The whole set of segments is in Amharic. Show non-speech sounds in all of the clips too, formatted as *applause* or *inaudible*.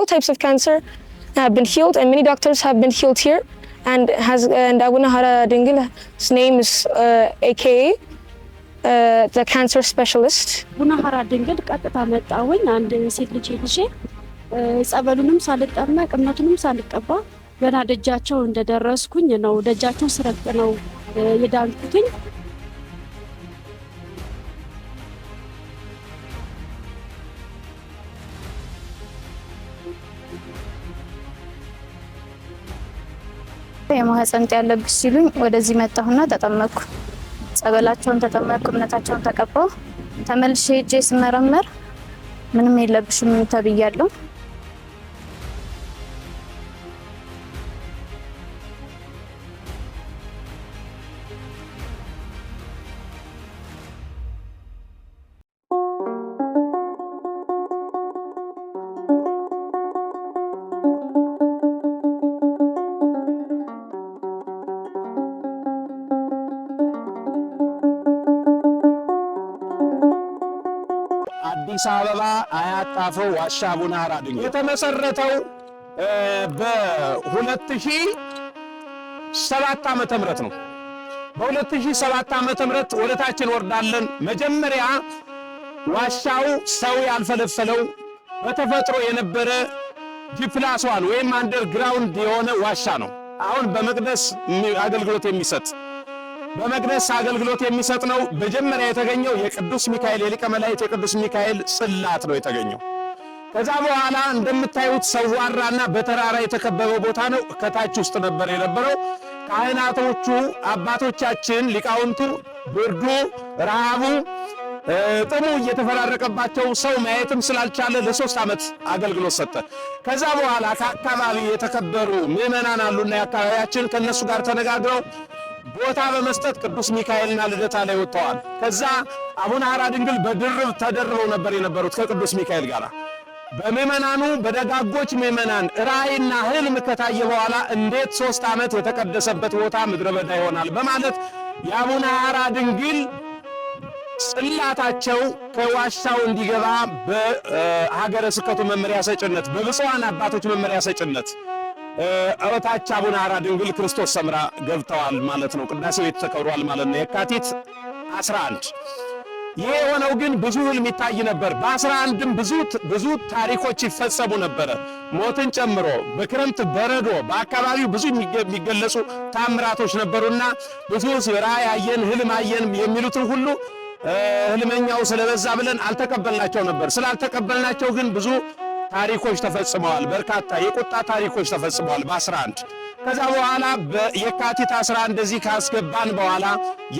all types of cancer have been healed, and many doctors have been healed here. And has and Aguna Hara Dingil's name is uh, AKA uh, the cancer specialist. Aguna Hara Dingil ቀጥታ መጣሁኝ አንድ ሴት ልጅ ልጄ ጸበሉንም ሳልጠመቅ እምነቱንም ሳልቀባ ገና ደጃቸው እንደደረስኩኝ ነው ደጃቸው ስረቅ ነው የዳንኩትኝ የማህፀን እጢ ያለብሽ ሲሉኝ ወደዚህ መጣሁና ተጠመኩ። ጸበላቸውን ተጠመቅኩ፣ እምነታቸውን ተቀበው ተመልሼ ሄጄ ስመረመር ምንም የለብሽም ተብያለሁ። የአዲስ አበባ አያጣፈው ዋሻ ቡና አራድኝ የተመሰረተው በ2007 ዓመተ ምህረት ነው። በ2007 ዓመተ ምህረት ወደታችን ወርዳለን። መጀመሪያ ዋሻው ሰው ያልፈለፈለው በተፈጥሮ የነበረ ጂፕላስዋን ወይም አንደርግራውንድ የሆነ ዋሻ ነው። አሁን በመቅደስ አገልግሎት የሚሰጥ በመቅደስ አገልግሎት የሚሰጥ ነው። መጀመሪያ የተገኘው የቅዱስ ሚካኤል የሊቀ መላእክት የቅዱስ ሚካኤል ጽላት ነው የተገኘው። ከዛ በኋላ እንደምታዩት ሰዋራና በተራራ የተከበበ ቦታ ነው። ከታች ውስጥ ነበር የነበረው። ካህናቶቹ አባቶቻችን ሊቃውንቱ ብርዱ፣ ረሃቡ፣ ጥሙ እየተፈራረቀባቸው ሰው ማየትም ስላልቻለ ለሶስት ዓመት አገልግሎት ሰጠ። ከዛ በኋላ ከአካባቢ የተከበሩ ምዕመናን አሉና የአካባቢያችን ከእነሱ ጋር ተነጋግረው ቦታ በመስጠት ቅዱስ ሚካኤልና ልደታ ላይ ወጥተዋል። ከዛ አቡነ ሐራ ድንግል በድርብ ተደርበው ነበር የነበሩት ከቅዱስ ሚካኤል ጋር። በምእመናኑ በደጋጎች ምእመናን ራእይና ህልም ከታየ በኋላ እንዴት ሶስት ዓመት የተቀደሰበት ቦታ ምድረ በዳ ይሆናል በማለት የአቡነ ሐራ ድንግል ጽላታቸው ከዋሻው እንዲገባ በሀገረ ስብከቱ መመሪያ ሰጭነት፣ በብፁዓን አባቶች መመሪያ ሰጭነት እበታች አቡነ ሐራ ድንግል ክርስቶስ ሰምራ ገብተዋል ማለት ነው። ቅዳሴ ቤት ተከብሯል ማለት ነው። የካቲት 11 ይህ የሆነው ግን ብዙ ህልም ይታይ ነበር። በአስራ አንድም ብዙ ብዙ ታሪኮች ይፈጸሙ ነበረ። ሞትን ጨምሮ በክረምት በረዶ በአካባቢው ብዙ የሚገለጹ ታምራቶች ነበሩና ብዙ ራእይ አየን፣ ህልም አየን የሚሉትን ሁሉ ህልመኛው ስለበዛ ብለን አልተቀበልናቸው ነበር። ስላልተቀበልናቸው ግን ብዙ ታሪኮች ተፈጽመዋል። በርካታ የቁጣ ታሪኮች ተፈጽመዋል በ11 ከዛ በኋላ የካቲት 11 እንደዚህ ካስገባን በኋላ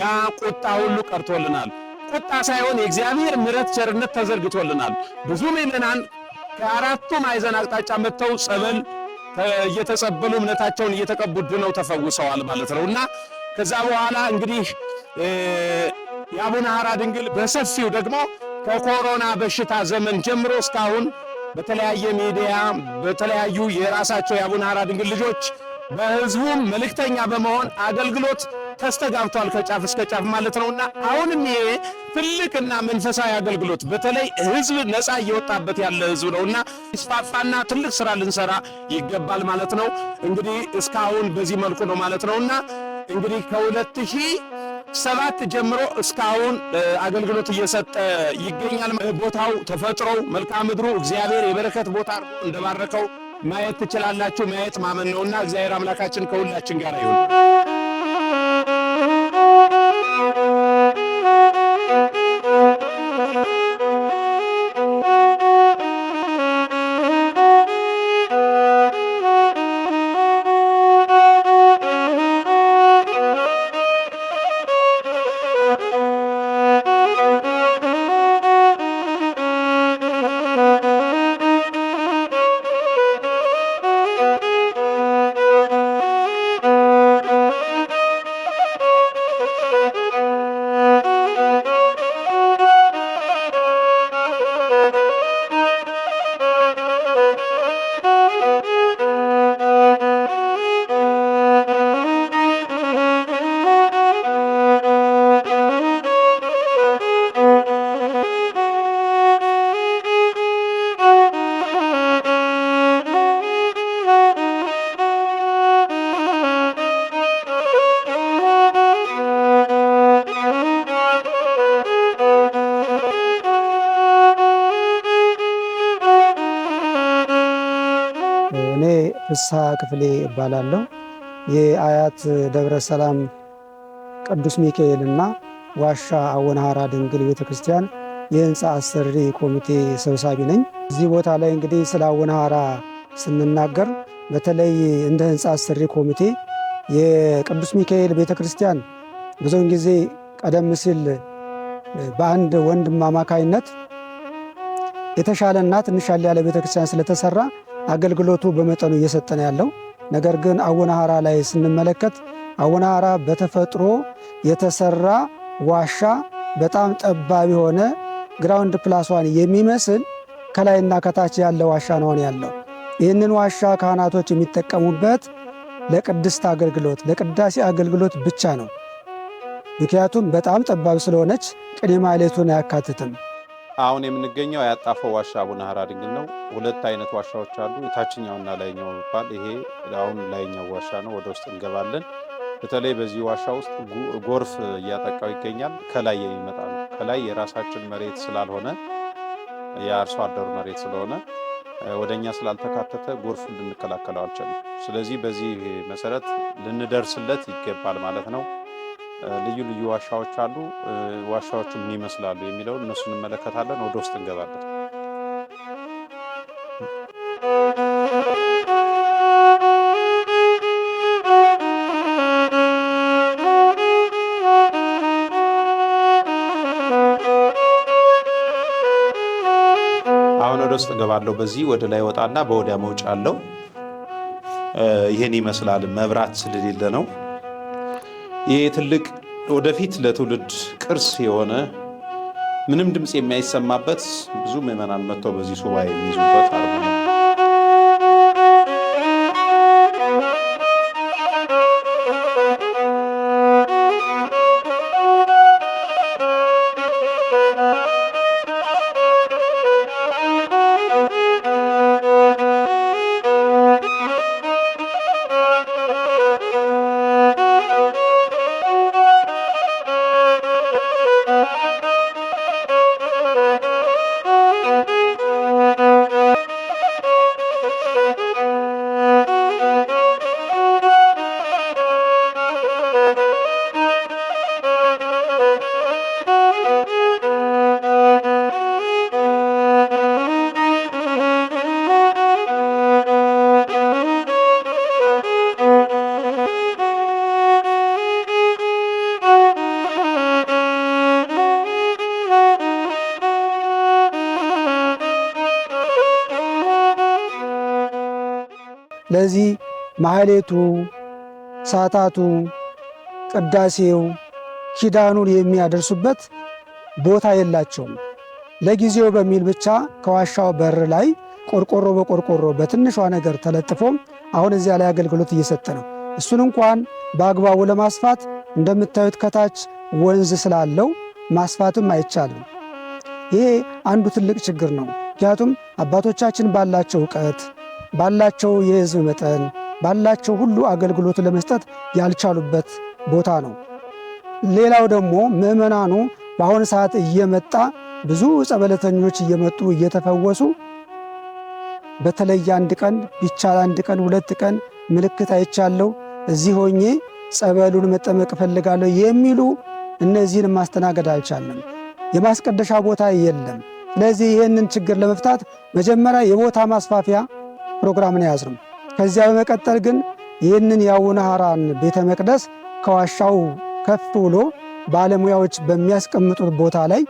ያ ቁጣ ሁሉ ቀርቶልናል። ቁጣ ሳይሆን የእግዚአብሔር ምረት ቸርነት ተዘርግቶልናል። ብዙ ምእመናን ከአራቱ ማዕዘን አቅጣጫ መጥተው ጸበል እየተጸበሉ እምነታቸውን እየተቀቡ ድነው ተፈውሰዋል ማለት ነው እና ከዛ በኋላ እንግዲህ የአቡነ ሐራ ድንግል በሰፊው ደግሞ ከኮሮና በሽታ ዘመን ጀምሮ እስካሁን በተለያየ ሚዲያ በተለያዩ የራሳቸው የአቡነ ሐራ ድንግል ልጆች በህዝቡም መልእክተኛ በመሆን አገልግሎት ተስተጋብቷል ከጫፍ እስከ ጫፍ ማለት ነውና አሁንም ይሄ ትልቅና መንፈሳዊ አገልግሎት በተለይ ህዝብ ነፃ እየወጣበት ያለ ህዝብ ነውና ይስፋፋና ትልቅ ስራ ልንሰራ ይገባል ማለት ነው። እንግዲህ እስካሁን በዚህ መልኩ ነው ማለት ነውና እንግዲህ ከሁለት ሺህ ሰባት ጀምሮ እስካሁን አገልግሎት እየሰጠ ይገኛል። ቦታው ተፈጥሮው፣ መልክዓ ምድሩ እግዚአብሔር የበረከት ቦታ አድርጎ እንደባረከው ማየት ትችላላችሁ። ማየት ማመን ነውና እግዚአብሔር አምላካችን ከሁላችን ጋር ይሁን። ፍስሐ ክፍሌ እባላለሁ። የአያት ደብረ ሰላም ቅዱስ ሚካኤል እና ዋሻ አወናሃራ ድንግል ቤተክርስቲያን የህንፃ አሰሪ ኮሚቴ ሰብሳቢ ነኝ። እዚህ ቦታ ላይ እንግዲህ ስለ አወናሃራ ስንናገር በተለይ እንደ ህንፃ አሰሪ ኮሚቴ የቅዱስ ሚካኤል ቤተክርስቲያን ብዙውን ጊዜ ቀደም ሲል በአንድ ወንድም አማካይነት የተሻለና ትንሽ ያለ ቤተክርስቲያን ስለተሰራ አገልግሎቱ በመጠኑ እየሰጠን ያለው። ነገር ግን አወናሃራ ላይ ስንመለከት አወናሃራ በተፈጥሮ የተሰራ ዋሻ በጣም ጠባብ የሆነ ግራውንድ ፕላስዋን የሚመስል ከላይና ከታች ያለ ዋሻ ነሆን ያለው። ይህንን ዋሻ ካህናቶች የሚጠቀሙበት ለቅድስት አገልግሎት ለቅዳሴ አገልግሎት ብቻ ነው። ምክንያቱም በጣም ጠባብ ስለሆነች ቅኔ ማኅሌቱን አያካትትም። አሁን የምንገኘው ያጣፈው ዋሻ አቡነ ሀራ ድንግል ነው። ሁለት አይነት ዋሻዎች አሉ፣ የታችኛውና ላይኛው የሚባል። ይሄ አሁን ላይኛው ዋሻ ነው። ወደ ውስጥ እንገባለን። በተለይ በዚህ ዋሻ ውስጥ ጎርፍ እያጠቃው ይገኛል። ከላይ የሚመጣ ነው። ከላይ የራሳችን መሬት ስላልሆነ የአርሶ አደሩ መሬት ስለሆነ ወደ እኛ ስላልተካተተ ጎርፍ ልንከላከለው አልችልም። ስለዚህ በዚህ መሰረት ልንደርስለት ይገባል ማለት ነው። ልዩ ልዩ ዋሻዎች አሉ። ዋሻዎቹ ምን ይመስላሉ የሚለውን እነሱ እንመለከታለን። ወደ ውስጥ እንገባለን። አሁን ወደ ውስጥ እገባለሁ። በዚህ ወደ ላይ ወጣና በወዲያ መውጫ አለው። ይህን ይመስላል። መብራት ስለሌለ ነው ይህ ትልቅ ወደፊት ለትውልድ ቅርስ የሆነ ምንም ድምፅ የማይሰማበት ብዙ ምዕመናን መጥተው በዚህ ሱባኤ የሚይዙበት ለዚህ ማህሌቱ፣ ሳታቱ፣ ቅዳሴው፣ ኪዳኑን የሚያደርሱበት ቦታ የላቸውም። ለጊዜው በሚል ብቻ ከዋሻው በር ላይ ቆርቆሮ በቆርቆሮ በትንሿ ነገር ተለጥፎ አሁን እዚያ ላይ አገልግሎት እየሰጠ ነው። እሱን እንኳን በአግባቡ ለማስፋት እንደምታዩት ከታች ወንዝ ስላለው ማስፋትም አይቻልም። ይሄ አንዱ ትልቅ ችግር ነው። ምክንያቱም አባቶቻችን ባላቸው እውቀት ባላቸው የሕዝብ መጠን ባላቸው ሁሉ አገልግሎት ለመስጠት ያልቻሉበት ቦታ ነው። ሌላው ደግሞ ምዕመናኑ በአሁኑ ሰዓት እየመጣ ብዙ ጸበለተኞች እየመጡ እየተፈወሱ በተለይ አንድ ቀን ቢቻል አንድ ቀን ሁለት ቀን ምልክት አይቻለሁ እዚህ ሆኜ ጸበሉን መጠመቅ እፈልጋለሁ የሚሉ እነዚህን ማስተናገድ አልቻለም። የማስቀደሻ ቦታ የለም። ስለዚህ ይህንን ችግር ለመፍታት መጀመሪያ የቦታ ማስፋፊያ ፕሮግራምን የያዝነው። ከዚያ በመቀጠል ግን ይህንን የአቡነ ሐራን ቤተ መቅደስ ከዋሻው ከፍ ብሎ ባለሙያዎች በሚያስቀምጡት ቦታ ላይ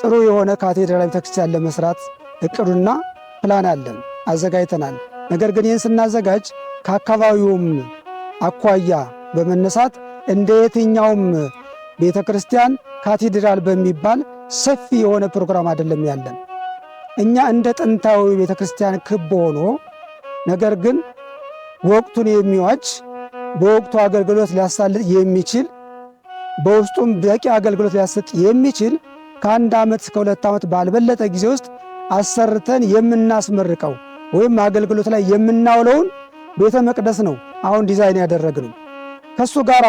ጥሩ የሆነ ካቴድራል ቤተክርስቲያን ለመስራት እቅዱና ፕላን አለን፣ አዘጋጅተናል። ነገር ግን ይህን ስናዘጋጅ ከአካባቢውም አኳያ በመነሳት እንደ የትኛውም ቤተ ክርስቲያን ካቴድራል በሚባል ሰፊ የሆነ ፕሮግራም አይደለም ያለን። እኛ እንደ ጥንታዊ ቤተ ክርስቲያን ክብ ሆኖ ነገር ግን ወቅቱን የሚዋጅ በወቅቱ አገልግሎት ሊያሳልጥ የሚችል በውስጡም በቂ አገልግሎት ሊያሰጥ የሚችል ከአንድ ዓመት እስከ ሁለት ዓመት ባልበለጠ ጊዜ ውስጥ አሰርተን የምናስመርቀው ወይም አገልግሎት ላይ የምናውለውን ቤተ መቅደስ ነው አሁን ዲዛይን ያደረግነው። ከእሱ ጋር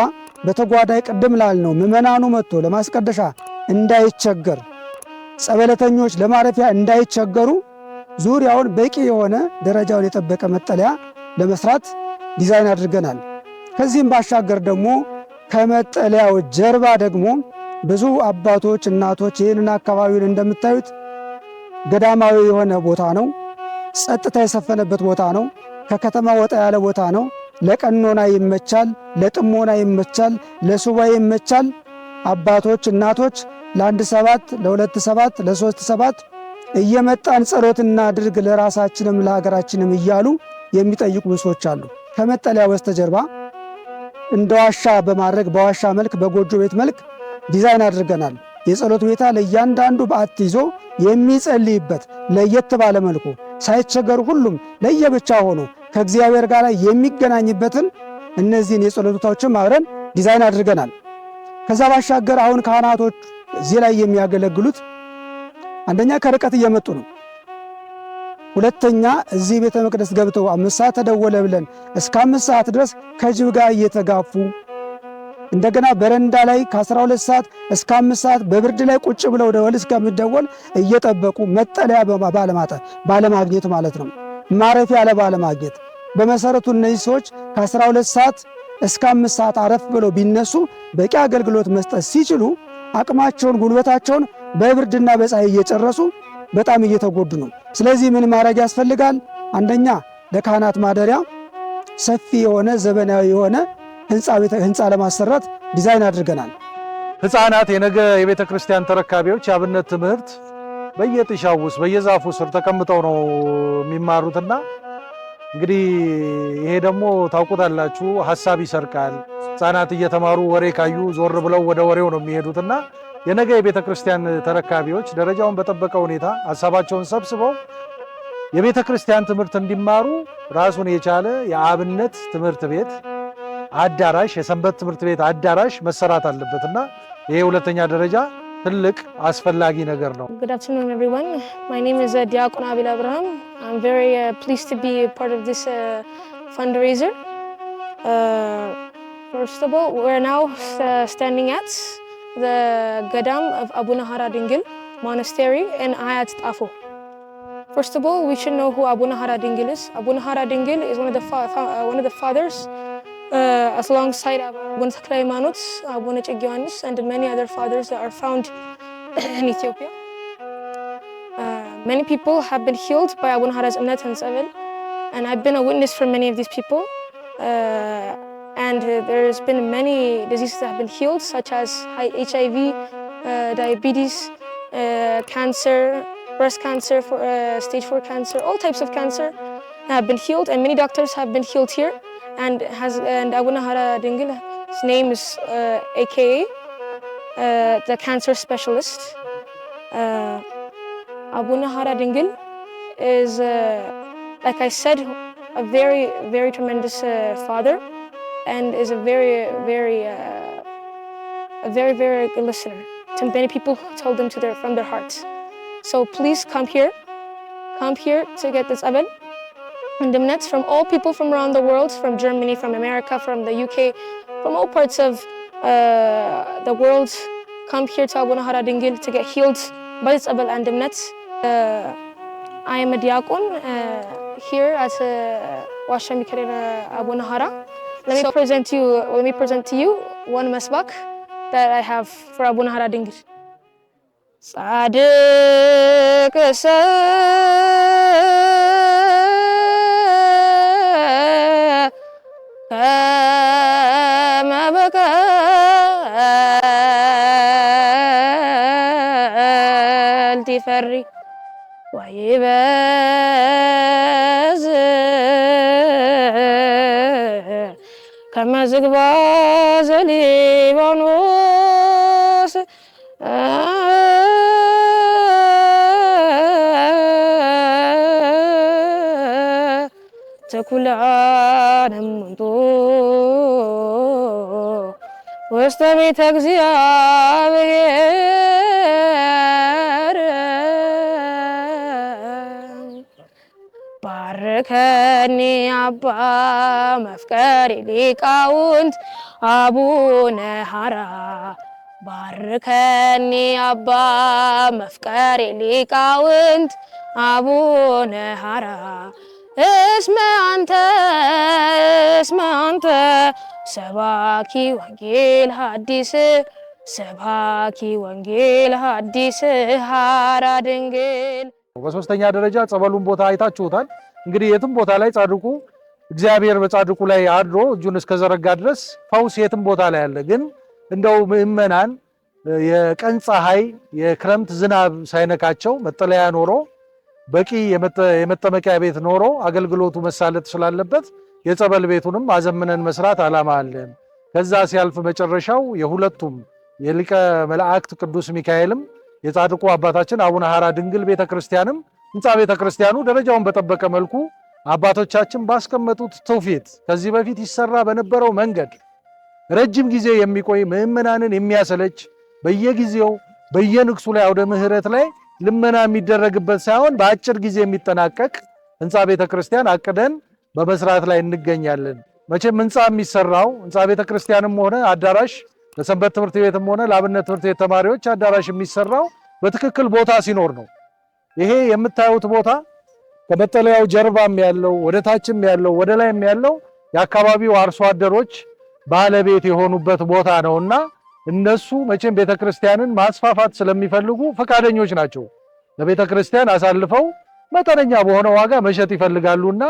በተጓዳይ ቅድም ላልነው ምዕመናኑ መጥቶ ለማስቀደሻ እንዳይቸገር ጸበለተኞች ለማረፊያ እንዳይቸገሩ ዙሪያውን በቂ የሆነ ደረጃውን የጠበቀ መጠለያ ለመስራት ዲዛይን አድርገናል። ከዚህም ባሻገር ደግሞ ከመጠለያው ጀርባ ደግሞ ብዙ አባቶች፣ እናቶች ይህንን አካባቢውን እንደምታዩት ገዳማዊ የሆነ ቦታ ነው። ጸጥታ የሰፈነበት ቦታ ነው። ከከተማ ወጣ ያለ ቦታ ነው። ለቀኖና ይመቻል፣ ለጥሞና ይመቻል፣ ለሱባ ይመቻል። አባቶች፣ እናቶች ለአንድ ሰባት ለሁለት ሰባት ለሶስት ሰባት እየመጣን ጸሎት እናድርግ ለራሳችንም ለሀገራችንም እያሉ የሚጠይቁ ሰዎች አሉ። ከመጠለያ በስተጀርባ እንደ ዋሻ በማድረግ በዋሻ መልክ በጎጆ ቤት መልክ ዲዛይን አድርገናል። የጸሎት ቤታ ለእያንዳንዱ በዓት ይዞ የሚጸልይበት ለየት ባለ መልኩ ሳይቸገሩ ሁሉም ለየብቻ ሆኖ ከእግዚአብሔር ጋር የሚገናኝበትን እነዚህን የጸሎት ቤታዎችም አብረን ዲዛይን አድርገናል። ከዛ ባሻገር አሁን ካህናቶች እዚህ ላይ የሚያገለግሉት አንደኛ ከርቀት እየመጡ ነው። ሁለተኛ እዚህ ቤተ መቅደስ ገብተው አምስት ሰዓት ተደወለ ብለን እስከ አምስት ሰዓት ድረስ ከጅብ ጋር እየተጋፉ እንደገና በረንዳ ላይ ከ12 ሰዓት እስከ አምስት ሰዓት በብርድ ላይ ቁጭ ብለው ደወል እስከምደወል እየጠበቁ መጠለያ ባለማግኘት ማለት ነው፣ ማረፊያ ለባለማግኘት በመሰረቱ እነዚህ ሰዎች ከ12 ሰዓት እስከ አምስት ሰዓት አረፍ ብለው ቢነሱ በቂ አገልግሎት መስጠት ሲችሉ አቅማቸውን ጉልበታቸውን በብርድና በፀሐይ እየጨረሱ በጣም እየተጎዱ ነው። ስለዚህ ምን ማድረግ ያስፈልጋል? አንደኛ ለካህናት ማደሪያ ሰፊ የሆነ ዘመናዊ የሆነ ህንፃ ለማሰራት ዲዛይን አድርገናል። ህፃናት የነገ የቤተ ክርስቲያን ተረካቢዎች የአብነት ትምህርት በየጥሻው ውስጥ በየዛፉ ስር ተቀምጠው ነው የሚማሩትና እንግዲህ ይሄ ደግሞ ታውቁታላችሁ፣ ሀሳብ ይሰርቃል። ህጻናት እየተማሩ ወሬ ካዩ ዞር ብለው ወደ ወሬው ነው የሚሄዱትና የነገ የቤተ ክርስቲያን ተረካቢዎች ደረጃውን በጠበቀ ሁኔታ ሀሳባቸውን ሰብስበው የቤተ ክርስቲያን ትምህርት እንዲማሩ ራሱን የቻለ የአብነት ትምህርት ቤት አዳራሽ፣ የሰንበት ትምህርት ቤት አዳራሽ መሰራት አለበትና ይሄ ሁለተኛ ደረጃ ትልቅ አስፈላጊ ነገር ነው። ጉድ አፍተርኑን ኤቭሪዋን ማይ ኔም ኢዝ ዲያቆን አቤል አብርሃም I'm very uh, pleased to be a part of this uh, fundraiser. Uh, first of all, we're now uh, standing at the Gadam of Abu Nahara Dingil Monastery in Ayat Afu. First of all, we should know who Abu Nahara Dingil is. Abu Nahara Dingil is one of the, uh, one of the fathers uh, alongside Abu Sakla Manuts, Abu Yohannes, and many other fathers that are found *coughs* in Ethiopia. Many people have been healed by Abu Nahara's omnipotence and I've been a witness for many of these people. Uh, and uh, there's been many diseases that have been healed, such as HIV, uh, diabetes, uh, cancer, breast cancer, for, uh, stage 4 cancer, all types of cancer have been healed, and many doctors have been healed here. And, has, and Abu Nahara his name is AKA, uh, the cancer specialist. Abuna Hara Dingil is, uh, like I said, a very, very tremendous uh, father and is a very, very, uh, a very, very good listener to many people who told them to their, from their hearts. So please come here. Come here to get this Abel and Demnets from all people from around the world, from Germany, from America, from the UK, from all parts of uh, the world. Come here to Abu Nahara Dingil to get healed by this Abel and Demnets. I am a diakon uh, here at uh, Washa Mikarena Abu Nahara. Let me so, present you. Let me present to you one masbak that I have for Abu Nahara Dingir. صادق كما بكى التفري ወይበዝ ከመ ዘሊባኖስ ተኩል ዓለም ምንቱ ውስተ ቤተ እግዚአብሔር ባርከኒ አባ መፍቀሪ ሊቃውንት አቡነ ሐራ ባርከኒ አባ መፍቀሪ ሊቃውንት አቡነ ሐራ እስመ አንተ እስመ አንተ ሰባኪ ወንጌል ሀዲስ ሰባኪ ወንጌል ሀዲስ ሐራ ድንግል። በሶስተኛ ደረጃ ጸበሉን ቦታ አይታችሁታል። እንግዲህ የትም ቦታ ላይ ጻድቁ እግዚአብሔር በጻድቁ ላይ አድሮ እጁን እስከዘረጋ ድረስ ፈውስ የትም ቦታ ላይ አለ። ግን እንደው ምእመናን የቀን ፀሐይ፣ የክረምት ዝናብ ሳይነካቸው መጠለያ ኖሮ በቂ የመጠመቂያ ቤት ኖሮ አገልግሎቱ መሳለጥ ስላለበት የጸበል ቤቱንም አዘምነን መስራት ዓላማ አለን። ከዛ ሲያልፍ መጨረሻው የሁለቱም የሊቀ መላእክት ቅዱስ ሚካኤልም የጻድቁ አባታችን አቡነ ሐራ ድንግል ቤተ ክርስቲያንም ህንፃ ቤተ ክርስቲያኑ ደረጃውን በጠበቀ መልኩ አባቶቻችን ባስቀመጡት ትውፊት ከዚህ በፊት ይሰራ በነበረው መንገድ ረጅም ጊዜ የሚቆይ ምዕመናንን የሚያሰለች በየጊዜው በየንግሱ ላይ አውደ ምሕረት ላይ ልመና የሚደረግበት ሳይሆን በአጭር ጊዜ የሚጠናቀቅ ህንፃ ቤተ ክርስቲያን አቅደን በመስራት ላይ እንገኛለን። መቼም ህንፃ የሚሰራው ህንፃ ቤተ ክርስቲያንም ሆነ አዳራሽ ለሰንበት ትምህርት ቤትም ሆነ ለአብነት ትምህርት ቤት ተማሪዎች አዳራሽ የሚሰራው በትክክል ቦታ ሲኖር ነው። ይሄ የምታዩት ቦታ ከመጠለያው ጀርባም ያለው ወደ ታችም ያለው ወደ ላይም ያለው የአካባቢው አርሶ አደሮች ባለቤት የሆኑበት ቦታ እና እነሱ መቼም ቤተክርስቲያንን ማስፋፋት ስለሚፈልጉ ፈቃደኞች ናቸው። ለቤተክርስቲያን አሳልፈው መጠነኛ በሆነ ዋጋ መሸጥ ይፈልጋሉና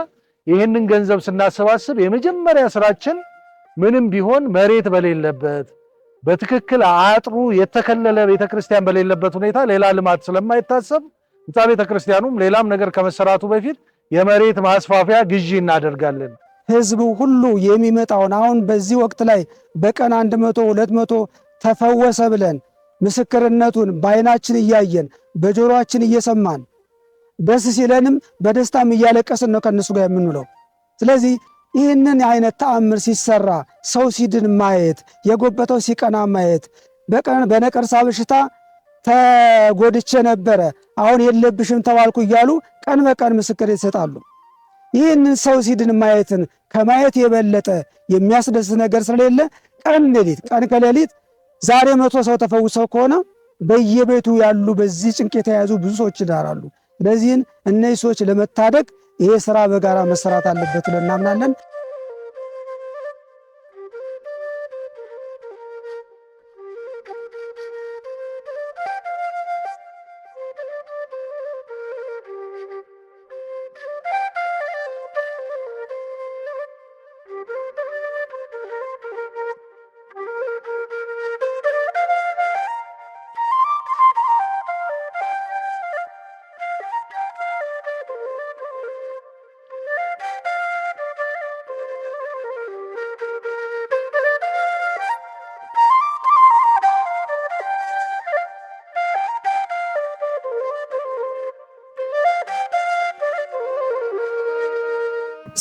ይህንን ገንዘብ ስናሰባስብ የመጀመሪያ ስራችን ምንም ቢሆን መሬት በሌለበት በትክክል አጥሩ የተከለለ ቤተክርስቲያን በሌለበት ሁኔታ ሌላ ልማት ስለማይታሰብ ህንፃ ቤተ ክርስቲያኑም ሌላም ነገር ከመሰራቱ በፊት የመሬት ማስፋፊያ ግዢ እናደርጋለን። ህዝቡ ሁሉ የሚመጣውን አሁን በዚህ ወቅት ላይ በቀን አንድ መቶ ሁለት መቶ ተፈወሰ ብለን ምስክርነቱን በአይናችን እያየን በጆሮአችን እየሰማን ደስ ሲለንም በደስታም እያለቀስን ነው ከእነሱ ጋር የምንውለው። ስለዚህ ይህንን አይነት ተአምር ሲሰራ ሰው ሲድን ማየት፣ የጎበተው ሲቀና ማየት፣ በነቀርሳ በሽታ ተጎድቼ ነበረ፣ አሁን የለብሽም ተባልኩ እያሉ ቀን በቀን ምስክር ይሰጣሉ። ይህንን ሰው ሲድን ማየትን ከማየት የበለጠ የሚያስደስት ነገር ስለሌለ ቀን ሌሊት ቀን ከሌሊት ዛሬ መቶ ሰው ተፈውሰው ከሆነ በየቤቱ ያሉ በዚህ ጭንቅ የተያዙ ብዙ ሰዎች ይዳራሉ። ስለዚህን እነዚህ ሰዎች ለመታደግ ይሄ ስራ በጋራ መሰራት አለበት ብለን እናምናለን።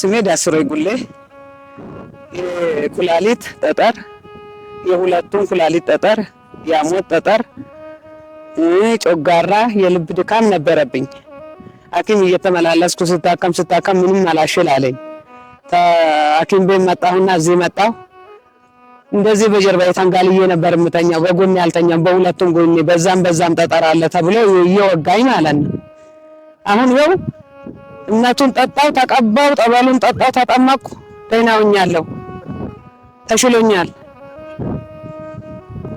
ስሜ ዳስሮ ጉሌ የኩላሊት ጠጠር የሁለቱም ኩላሊት ጠጠር የአሞት ጠጠር ጮጋራ የልብ ድካም ነበረብኝ። ሐኪም እየተመላለስኩ ስታከም ስታከም ምንም አላሽል አለኝ። ሐኪም ቤት መጣሁና እዚህ መጣሁ። እንደዚህ በጀርባ ተንጋልዬ ነበር የምተኛው፣ በጎኔ አልተኛም፣ በሁለቱም ጎኔ በዛም በዛም ጠጠር አለ ተብሎ እየወጋኝ ማለት ነው አሁን ይኸው እናቱን ጠጣው፣ ተቀባው፣ ጠበሉን ጠጣው፣ ተጠመኩ፣ ደህና ሆኛለሁ፣ ተሽሎኛል።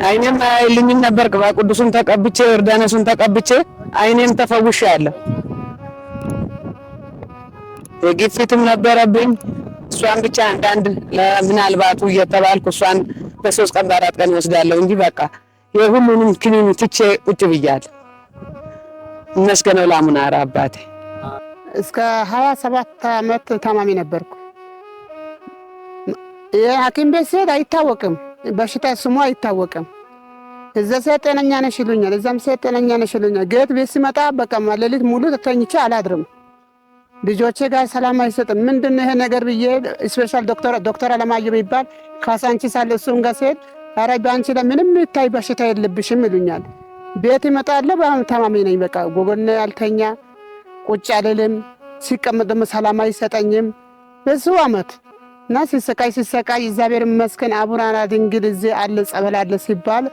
አይኔም አያይልኝም ነበር። ቅባ ቅዱሱን ተቀብቼ እርዳነሱን ተቀብቼ አይኔም ተፈውሻለሁ። የግፊትም ነበረብኝ። እሷን ብቻ አንዳንድ ለምናልባቱ እየተባልኩ እሷን በሶስት ቀን በአራት ቀን ይወስዳለሁ እንጂ በቃ የሁሉንም ክኒን ትቼ ቁጭ ብያለሁ። እነስገነው ላሙናራ አባቴ እስከ 27 ሰባት ዓመት ታማሚ ነበርኩ። የሐኪም ቤት ስሄድ አይታወቅም በሽታ ስሙ አይታወቅም። እዛ ሴት ጤነኛ ነሽ ይሉኛል፣ እዛም ሴት ጤነኛ ነሽ ይሉኛል። ጌት ቤት ሲመጣ በቃ ሌሊት ሙሉ ተኝቼ አላድርም። ልጆቼ ጋር ሰላም አይሰጥም። ምንድን ነው ይሄ ነገር ብዬ ስፔሻል ዶክተር ዶክተር አለማየሁ ይባል ካሳንቺ አለ እሱም ጋር ስሄድ ኧረ በአንቺ ላይ ምንም የሚታይ በሽታ የለብሽም ይሉኛል። ቤት ይመጣለሁ። በጣም ታማሚ ነኝ። በቃ ጎጎና ያልተኛ ቁጭ አልልም፣ ደግሞ ሰላም አይሰጠኝም። በዙ አመት እና ሲሰቃይ ሲሰቃይ እግዚአብሔር ይመስገን አቡራና ድንግል እዚህ አለ ጸበል አለ ሲባል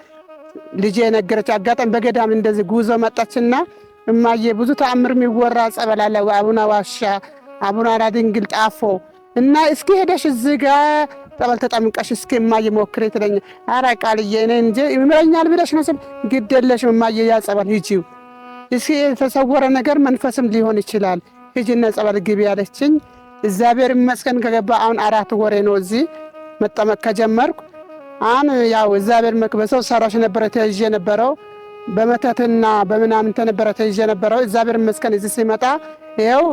ልጄ የነገረች አጋጣሚ በገዳም እንደዚህ ጉዞ መጣችና እማዬ ብዙ ተአምር የሚወራ ጸበል አለ አቡነ ዋሻ አቡራና ድንግል ጣፎ እና እስኪ ሄደሽ እዚህ ጋ ጸበል ተጠምቀሽ እስኪ እማዬ ሞክሬ ትለኛል። አራ ቃልዬ እኔ እንጂ ይምረኛል ብለሽ ነው ስል ግድ የለሽም እማዬ ያ ጸበል ሂጂው እስኪ የተሰወረ ነገር መንፈስም ሊሆን ይችላል። ሂጂና ጸበል ግቢ ያለችኝ እግዚአብሔር ይመስገን ከገባ አሁን አራት ወሬ ነው እዚህ መጠመቅ ከጀመርኩ። አሁን ያው እግዚአብሔር መክበሰው ሰራሽ ነበረ ተይዤ ነበረው በመተትና በምናምን ተነበረ ተይዤ ነበረው። እግዚአብሔር ይመስገን እዚህ ሲመጣ ይኸው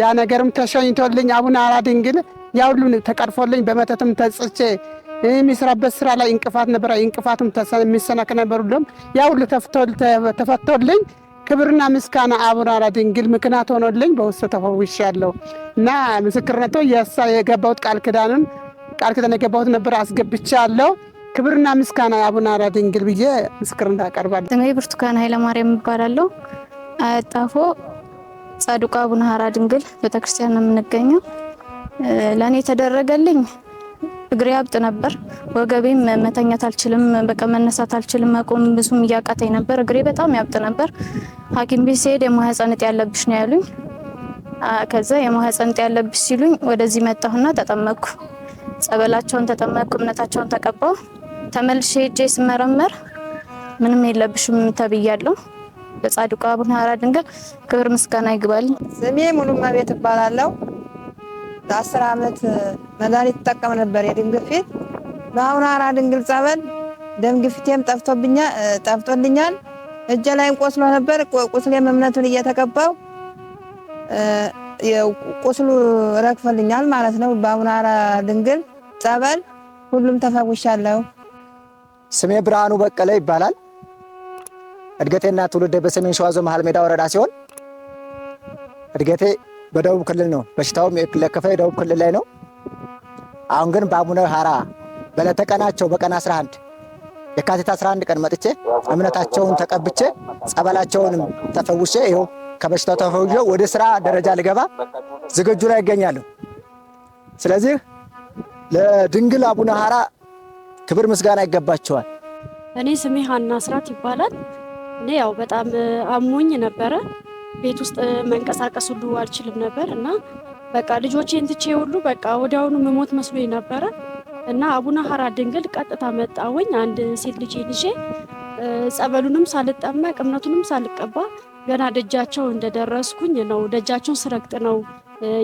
ያ ነገርም ተሸኝቶልኝ አቡነ አራ ድንግል ያ ሁሉ ተቀርፎልኝ በመተትም ተጽቼ የሚስራበት ስራ ላይ እንቅፋት ነበረ። እንቅፋትም የሚሰናክ ነበር። ሁሉም ያ ሁሉ ተፈቶልኝ ክብርና ምስጋና አቡራራ ድንግል ምክንያት ሆኖልኝ በውስጥ ተፈውሻለሁ እና ምስክርነቶ የሳ የገባሁት ቃል ክዳንን ቃል ክዳን የገባሁት ነበር አስገብቻለሁ። ክብርና ምስጋና አቡራራ ድንግል ብዬ ምስክርነት አቀርባለሁ። ስሜ ብርቱካን ኃይለማርያም ይባላለሁ። አያጣፎ ጻድቋ አቡነ ሀራ ድንግል ቤተክርስቲያን ነው የምንገኘው። ለእኔ የተደረገልኝ እግሬ ያብጥ ነበር። ወገቤም መተኛት አልችልም፣ በቃ መነሳት አልችልም፣ መቆም ብዙም እያቃተኝ ነበር። እግሬ በጣም ያብጥ ነበር። ሐኪም ቤት ሲሄድ የማህፀን እጢ ያለብሽ ነው ያሉኝ። ከዛ የማህፀን እጢ ያለብሽ ሲሉኝ ወደዚህ መጣሁና ተጠመቅኩ። ጸበላቸውን ተጠመቅኩ፣ እምነታቸውን ተቀባሁ። ተመልሼ ሄጄ ስመረመር ምንም የለብሽም ተብያለሁ። በጻድቋ አቡነ ሐራ ድንግል ክብር ምስጋና ይግባል። ስሜ ሙሉመቤት እባላለሁ። ለአስር ዓመት መድኃኒት ትጠቀም ነበር የደም ግፊት። በአሁኑ አራ ድንግል ጸበል ደም ግፊቴም ጠፍቶልኛል። እጄ ላይም ቆስሎ ነበር። ቁስሌም እምነቱን እየተቀባው ቁስሉ ረግፈልኛል ማለት ነው። በአቡነ አራ ድንግል ጸበል ሁሉም ተፈውሻለሁ። ስሜ ብርሃኑ በቀለ ይባላል። እድገቴና ትውልዴ በሰሜን ሸዋ ዞን መሀል ሜዳ ወረዳ ሲሆን እድገቴ በደቡብ ክልል ነው። በሽታውም ለከፈ የደቡብ ክልል ላይ ነው። አሁን ግን በአቡነ ሀራ በለተቀናቸው በቀን 11 የካቲት 11 ቀን መጥቼ እምነታቸውን ተቀብቼ ጸበላቸውንም ተፈውሼ ይኸው ከበሽታው ተፈውሼ ወደ ስራ ደረጃ ልገባ ዝግጁ ላይ ይገኛሉ። ስለዚህ ለድንግል አቡነ ሀራ ክብር ምስጋና ይገባቸዋል። እኔ ስሜ ሀና ስራት ይባላል። እኔ ያው በጣም አሞኝ ነበረ ቤት ውስጥ መንቀሳቀስ ሁሉ አልችልም ነበር እና በቃ ልጆቼን ትቼ ሁሉ በቃ ወዲያውኑ መሞት መስሎኝ ነበረ እና አቡነ ሀራ ድንግል ቀጥታ መጣወኝ አንድ ሴት ልጅ ልጄ ጸበሉንም ሳልጠመቅ እምነቱንም ሳልቀባ ገና ደጃቸው እንደደረስኩኝ ነው ደጃቸውን ስረግጥ ነው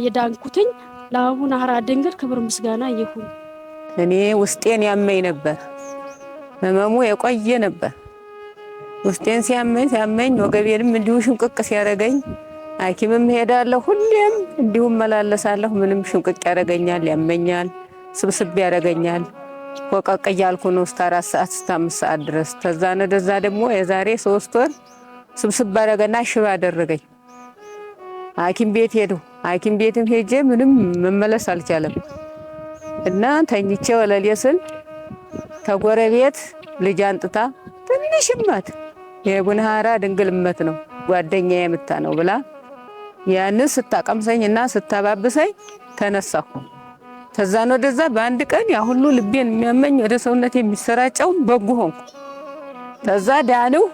የዳንኩትኝ። ለአቡነ ሀራ ድንግል ክብር ምስጋና ይሁን። እኔ ውስጤን ያመኝ ነበር፣ ህመሙ የቆየ ነበር ውስጤን ሲያመኝ ሲያመኝ ወገቤንም እንዲሁ ሽንቅቅ ሲያደርገኝ ሐኪምም ሄዳለሁ። ሁሌም እንዲሁ መላለሳለሁ። ምንም ሽንቅቅ ያደርገኛል፣ ያመኛል፣ ስብስብ ያደርገኛል። ወቀቅ እያልኩ ነው እስከ አራት ሰዓት እስከ አምስት ሰዓት ድረስ። ተዛ ነደዛ ደግሞ የዛሬ ሶስት ወር ስብስብ አደረገና ሽባ አደረገኝ። ሐኪም ቤት ሄዱ። ሐኪም ቤትም ሄጄ ምንም መመለስ አልቻለም እና ተኝቼ ወለሌ ስል ተጎረቤት ልጅ አንጥታ ትንሽ ማት የቡንሃራ ድንግል እመት ነው ጓደኛ የምታ ነው ብላ ያንን ስታቀምሰኝ እና ስታባብሰኝ ተነሳሁ። ከዛን ወደዛ በአንድ ቀን ያ ሁሉ ልቤን የሚያመኝ ወደ ሰውነት የሚሰራጨው በጎ ሆንኩ። ከዛ ዳንው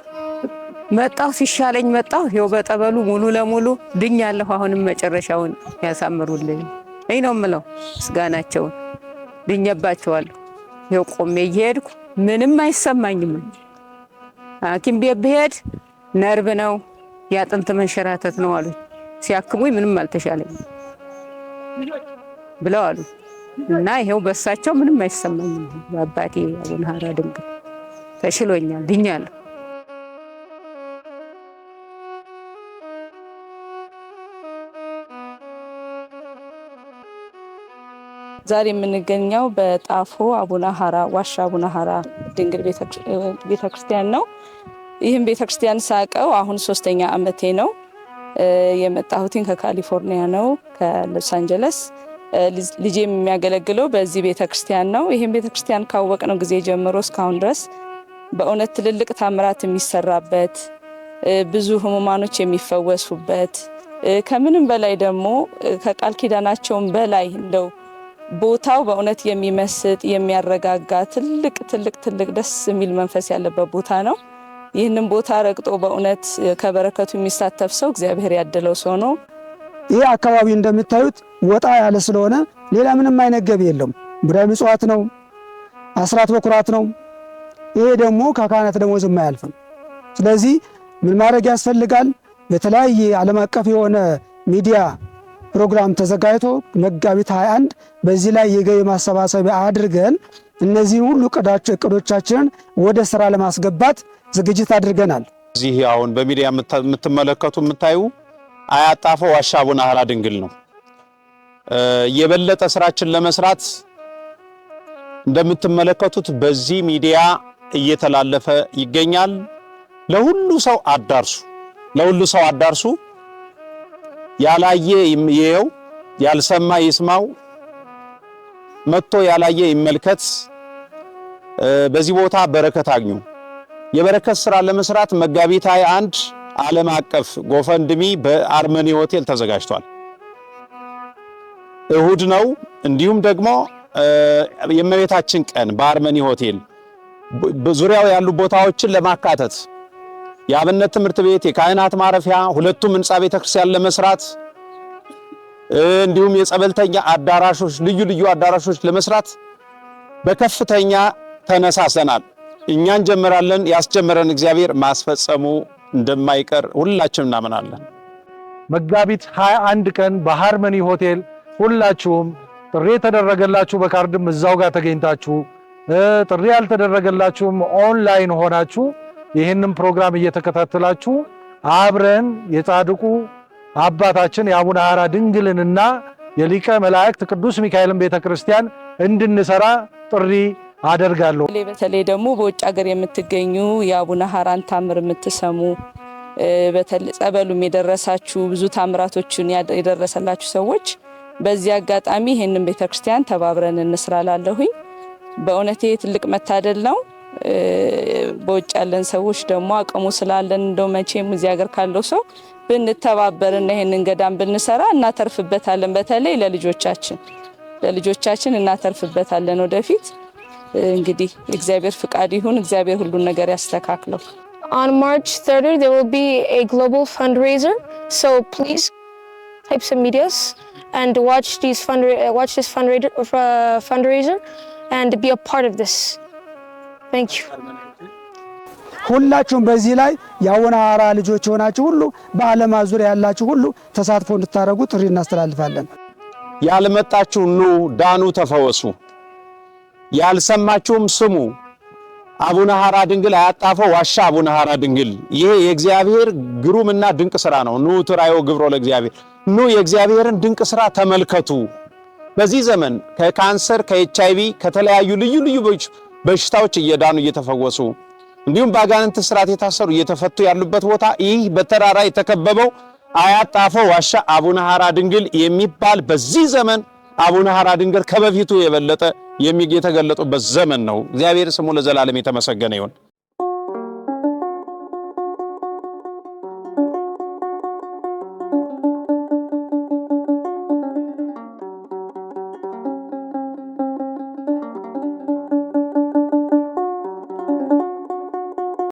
መጣሁ። ሲሻለኝ መጣሁ። ይኸው በጠበሉ ሙሉ ለሙሉ ድኛለሁ። አሁንም መጨረሻውን ያሳምሩልኝ። ይህ ነው የምለው፣ ምስጋናቸውን ድኘባቸዋለሁ። ይኸው ቆሜ እየሄድኩ ምንም አይሰማኝም። ሐኪም ቤት ብሄድ ነርብ ነው የአጥንት መንሸራተት ነው አሉ። ሲያክሙኝ ምንም አልተሻለኝ ብለው አሉ እና ይሄው በሳቸው ምንም አይሰማኝም። በአባቴ አቡነ ሀራ ድንግል ተሽሎኛል፣ ድኛለሁ። ዛሬ የምንገኘው በጣፎ አቡነ ሀራ ዋሻ አቡነ ሀራ ድንግል ቤተክርስቲያን ነው። ይህም ቤተክርስቲያን ሳቀው አሁን ሶስተኛ አመቴ ነው። የመጣሁትን ከካሊፎርኒያ ነው፣ ከሎስ አንጀለስ። ልጄ የሚያገለግለው በዚህ ቤተክርስቲያን ነው። ይህም ቤተክርስቲያን ካወቅነው ጊዜ ጀምሮ እስካሁን ድረስ በእውነት ትልልቅ ታምራት የሚሰራበት ብዙ ህሙማኖች የሚፈወሱበት ከምንም በላይ ደግሞ ከቃል ኪዳናቸውን በላይ እንደው ቦታው በእውነት የሚመስጥ የሚያረጋጋ ትልቅ ትልቅ ትልቅ ደስ የሚል መንፈስ ያለበት ቦታ ነው። ይህንን ቦታ ረግጦ በእውነት ከበረከቱ የሚሳተፍ ሰው እግዚአብሔር ያደለው ሰው ነው። ይህ አካባቢ እንደምታዩት ወጣ ያለ ስለሆነ ሌላ ምንም አይነት ገቢ የለውም። ቡዳይ ምጽዋት ነው፣ አስራት በኩራት ነው። ይሄ ደግሞ ከካህናት ደሞዝ የማያልፍ ነው። ስለዚህ ምን ማድረግ ያስፈልጋል? በተለያየ ዓለም አቀፍ የሆነ ሚዲያ ፕሮግራም ተዘጋጅቶ መጋቢት 21 በዚህ ላይ የገቢ ማሰባሰቢያ አድርገን እነዚህን ሁሉ እቅዶቻችንን ወደ ስራ ለማስገባት ዝግጅት አድርገናል። እዚህ አሁን በሚዲያ የምትመለከቱ የምታዩ አያጣፈው ዋሻ አህላ ድንግል ነው። የበለጠ ስራችን ለመስራት እንደምትመለከቱት በዚህ ሚዲያ እየተላለፈ ይገኛል። ለሁሉ ሰው አዳርሱ፣ ለሁሉ ሰው አዳርሱ። ያላየ ይየው፣ ያልሰማ ይስማው፣ መጥቶ ያላየ ይመልከት። በዚህ ቦታ በረከት አግኙ። የበረከት ስራ ለመስራት መጋቢት 21 ዓለም አቀፍ ጎፈንድሚ በአርመኒ ሆቴል ተዘጋጅቷል። እሁድ ነው። እንዲሁም ደግሞ የእመቤታችን ቀን በአርመኒ ሆቴል ዙሪያው ያሉ ቦታዎችን ለማካተት የአብነት ትምህርት ቤት፣ የካህናት ማረፊያ ሁለቱም ህንፃ ቤተ ክርስቲያን ለመስራት እንዲሁም የጸበልተኛ አዳራሾች፣ ልዩ ልዩ አዳራሾች ለመስራት በከፍተኛ ተነሳሰናል። እኛ እንጀምራለን፣ ያስጀመረን እግዚአብሔር ማስፈጸሙ እንደማይቀር ሁላችንም እናምናለን። መጋቢት 21 ቀን በሃርመኒ ሆቴል ሁላችሁም ጥሪ የተደረገላችሁ በካርድም እዛው ጋር ተገኝታችሁ ጥሪ ያልተደረገላችሁም ኦንላይን ሆናችሁ ይህንም ፕሮግራም እየተከታተላችሁ አብረን የጻድቁ አባታችን የአቡነ ሐራ ድንግልንና የሊቀ መላእክት ቅዱስ ሚካኤልን ቤተ ክርስቲያን እንድንሰራ ጥሪ አደርጋለሁ። በተለይ ደግሞ በውጭ ሀገር የምትገኙ የአቡነ ሐራን ታምር የምትሰሙ ጸበሉም የደረሳችሁ ብዙ ታምራቶችን የደረሰላችሁ ሰዎች በዚህ አጋጣሚ ይህንን ቤተክርስቲያን ተባብረን እንስራላለሁኝ። በእውነት ትልቅ መታደል ነው። በውጭ ያለን ሰዎች ደግሞ አቅሙ ስላለን እንደ መቼም እዚህ ሀገር ካለው ሰው ብንተባበርና ይሄንን ገዳም ብንሰራ እናተርፍበታለን። በተለይ ለልጆቻችን ለልጆቻችን እናተርፍበታለን። ወደፊት እንግዲህ እግዚአብሔር ፍቃድ ይሁን፣ እግዚአብሔር ሁሉን ነገር ያስተካክለው። On March 3rd, there will be a global fundraiser so please type some medias and watch these fundra watch this fundra uh, fundraiser and be a part of this ሁላችሁም በዚህ ላይ የአቡነ ሐራ ልጆች የሆናችሁ ሁሉ በዓለም ዙሪያ ያላችሁ ሁሉ ተሳትፎ እንድታደርጉ ጥሪ እናስተላልፋለን። ያልመጣችሁ ኑ፣ ዳኑ፣ ተፈወሱ። ያልሰማችሁም ስሙ። አቡነ ሐራ ድንግል አያጣፈው ዋሻ አቡነ ሐራ ድንግል። ይሄ የእግዚአብሔር ግሩምና ድንቅ ስራ ነው። ኑ ትራዮ ግብሮ ለእግዚአብሔር፣ ኑ የእግዚአብሔርን ድንቅ ስራ ተመልከቱ። በዚህ ዘመን ከካንሰር ከኤች አይ ቪ ከተለያዩ ልዩ ልዩ በሽታዎች እየዳኑ እየተፈወሱ እንዲሁም በአጋንንት ስርዓት የታሰሩ እየተፈቱ ያሉበት ቦታ ይህ በተራራ የተከበበው አያት ዋሻ አቡነ ሐራ ድንግል የሚባል በዚህ ዘመን አቡነ ሐራ ድንግል ከበፊቱ የበለጠ የተገለጡበት ዘመን ነው። እግዚአብሔር ስሙ ለዘላለም የተመሰገነ ይሁን።